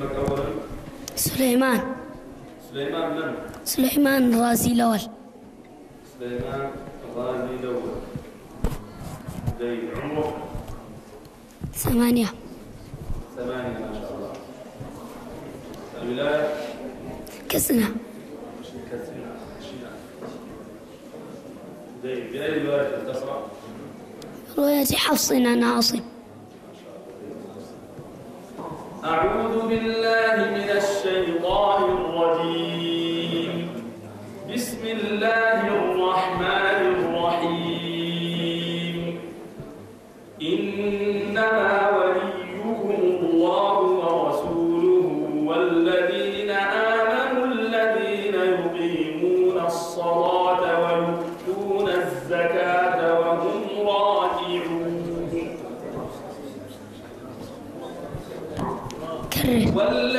اسمك أولا سليمان سليمان من؟ سليمان الرازي الأول سليمان الرازي الأول زين عمرك؟ ثمانية ثمانية ما شاء الله الولاية؟ كسنة كسنة زين بأي ولاية تقرأ؟ رواية حفص أنا أصيب أعوذ بالله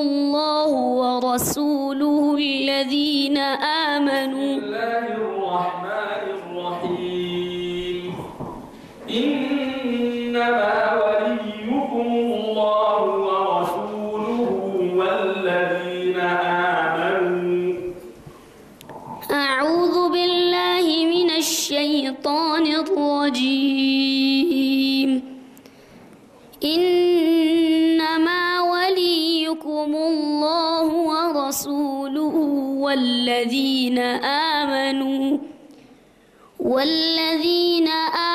الله ورسوله الذين آمنوا بسم الله الرحمن الله ورسوله والذين آمنوا والذين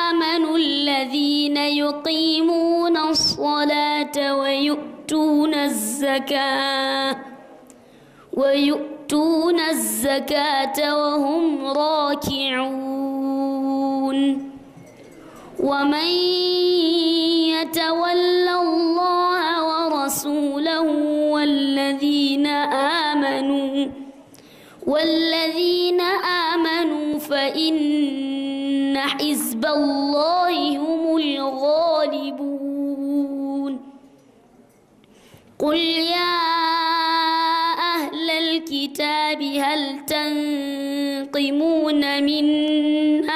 آمنوا الذين يقيمون الصلاة ويؤتون الزكاة ويؤتون الزكاة وهم راكعون ومن يتولى ورسوله والذين آمنوا والذين آمنوا فإن حزب الله هم الغالبون قل يا أهل الكتاب هل تنقمون منا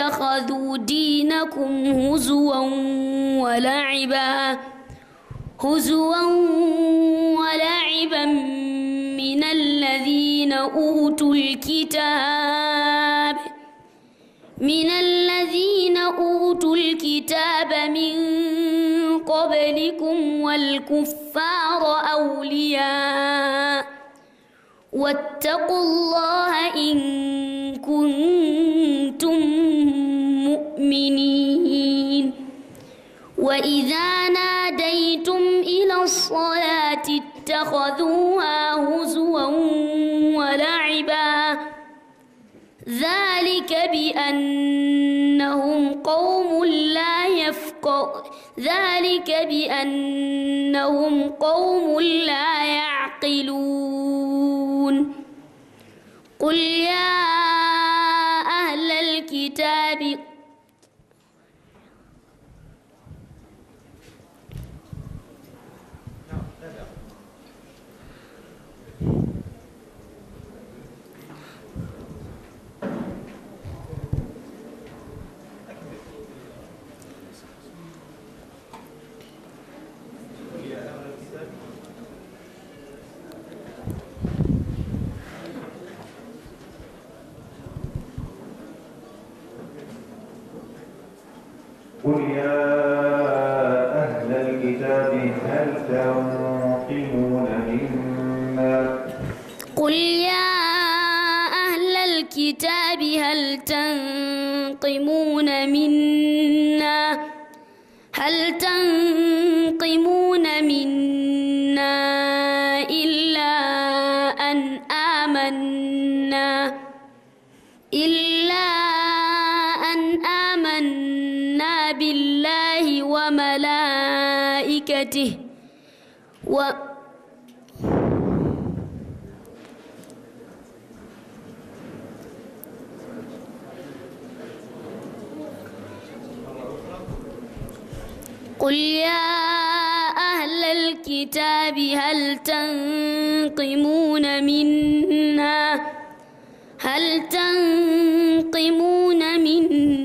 اتخذوا دينكم هزوا ولعبا هزوا ولعبا من الذين أوتوا الكتاب من الذين أوتوا الكتاب من قبلكم والكفار أولياء واتقوا الله إن كنتم المؤمنين وإذا ناديتم إلى الصلاة اتخذوها هزوا ولعبا ذلك بأنهم قوم لا يفقه ذلك بأنهم قوم لا يعقلون قل يا قل يا أهل الكتاب هل تنقمون منا قل يا أهل الكتاب هل تنقمون منا هل تنقمون و قل يا أهل الكتاب هل تنقمون منا هل تنقمون منا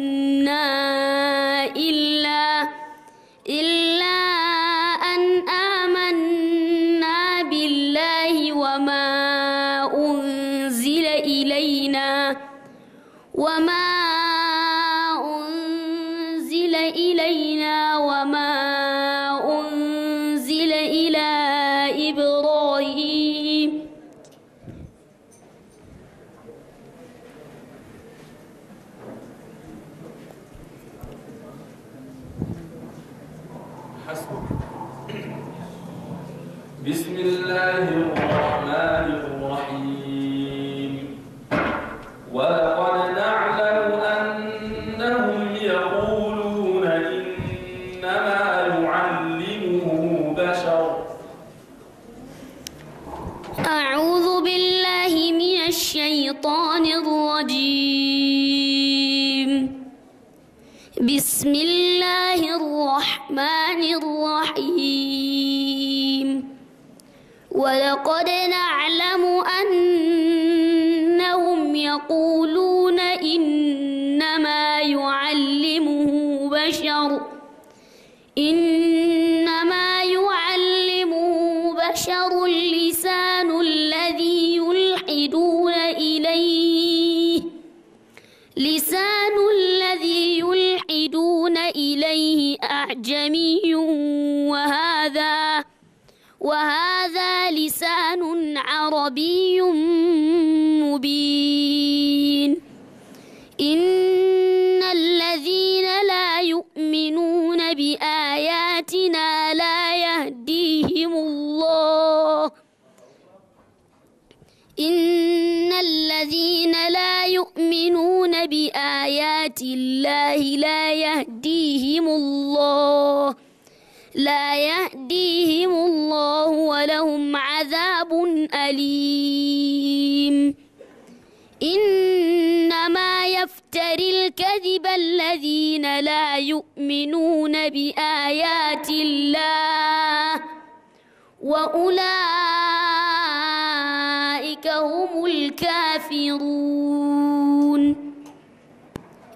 إليه بسم الله الرحمن الرحيم ولقد نعلم أنهم يقولون إنما يعلمه بشر إنما يعلمه بشر لسان أعجمي وهذا وهذا لسان عربي مبين إن الذين لا يؤمنون بآياتنا لا يهديهم الله إن الذين لا يؤمنون بآيات الله لا يهديهم الله لا يهديهم الله ولهم عذاب أليم إنما يفتري الكذب الذين لا يؤمنون بآيات الله وأولئك هم الكافرون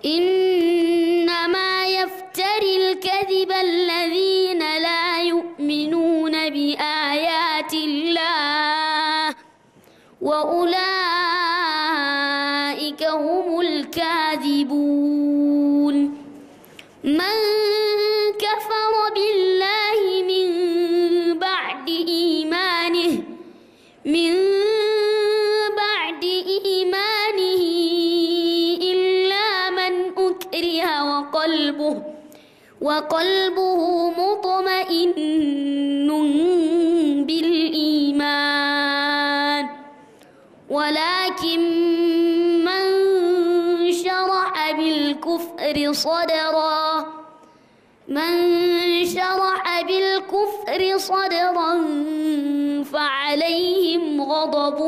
إنما يفتري الكذب الذين لا يؤمنون بآيات الله وأولئك بالكفر صدرا فعليهم غضب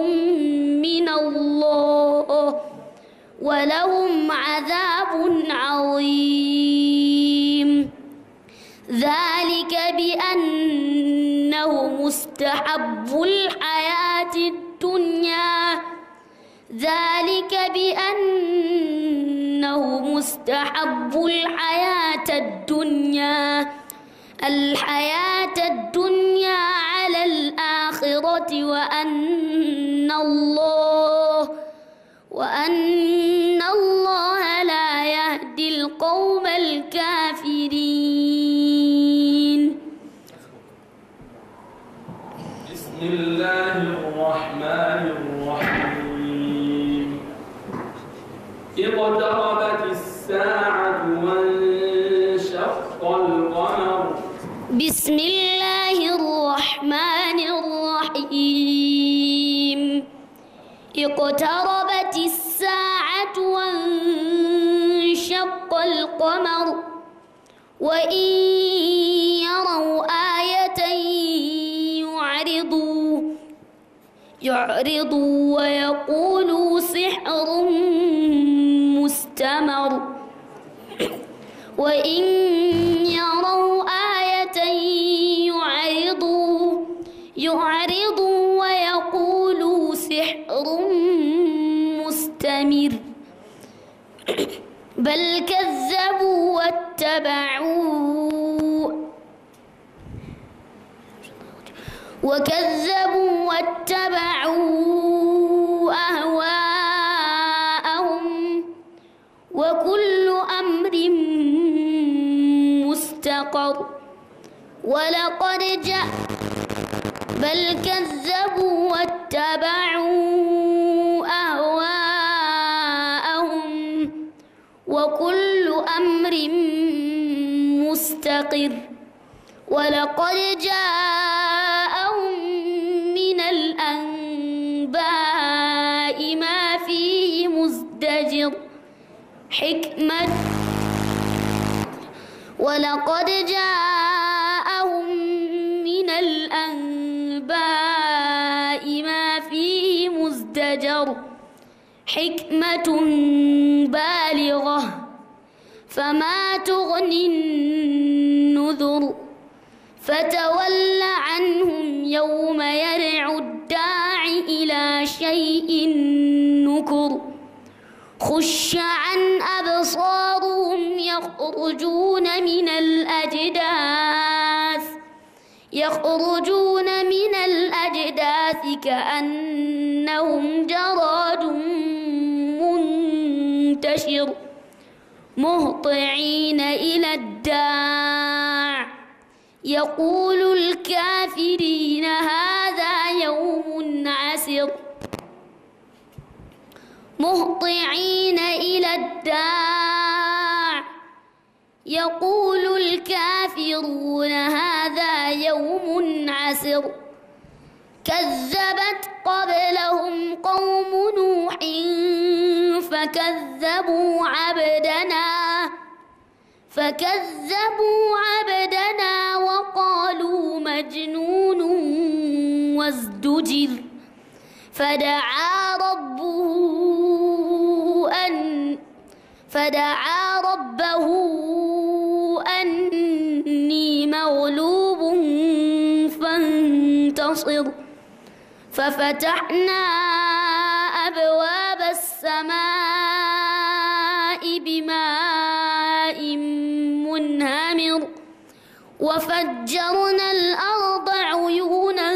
من الله ولهم عذاب عظيم ذلك بأنه مستحب الحياة الدنيا ذلك بأنه مستحب الحياة الدنيا الحياة الدنيا على الآخرة وأن الله وأن الله لا يهدي القوم الكافرين بسم الله الرحمن الرحيم اقتربت الساعة بسم الله الرحمن الرحيم اقتربت الساعة وانشق القمر وإن يروا آية يعرضوا يعرضوا ويقولوا سحر مستمر وإن يروا يعرض ويقول سحر مستمر بل كذبوا واتبعوا وكذبوا واتبعوا أهواءهم وكل أمر مستقر ولقد جاء بل كذبوا واتبعوا أهواءهم وكل أمر مستقر ولقد جاءهم من الأنباء ما فيه مزدجر حكمة ولقد جاءهم شجر حكمة بالغة فما تغني النذر فتول عنهم يوم يرع الداعي إلى شيء نكر خش عن أبصارهم يخرجون من الأجداث يخرجون من الأجداث الأكداث كأنهم جراد منتشر مهطعين إلى الداع يقول الكافرين هذا يوم عسر مهطعين إلى الداع يقول الكافرون هذا يوم عسر كذبت قبلهم قوم نوح فكذبوا عبدنا فكذبوا عبدنا وقالوا مجنون وازدجر فدعا ربه أن فدعا ربه أني مغلوب فانتصر ففتحنا أبواب السماء بماء منهمر وفجرنا الأرض عيونا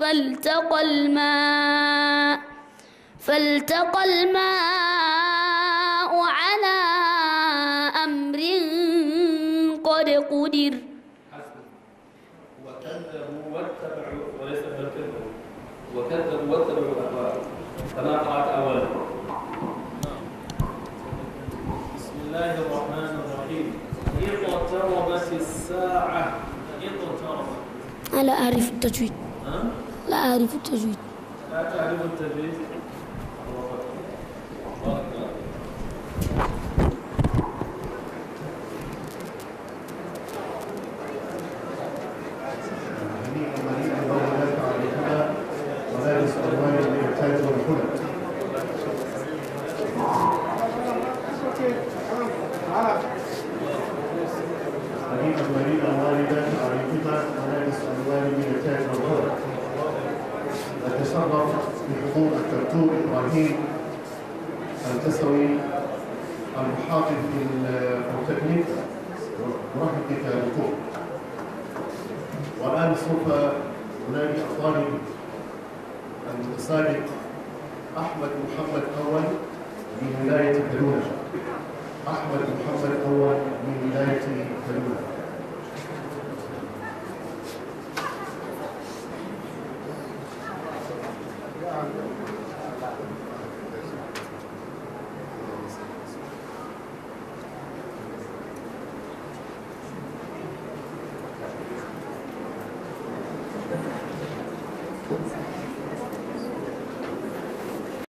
فالتقى الماء فالتقى الماء واتبعوا أهواءكم كما قرأت أولا بسم الله الرحمن الرحيم اقتربت الساعة اقتربت أعرف التجويد لا أعرف التجويد لا تعرف التجويد هذه أن تستوي المحاطب في التكنيك ورحلتك للطول والآن سوف أنادي الطالب المتسابق أحمد محمد أول من ولاية كلونة أحمد محمد أول من ولاية كلونة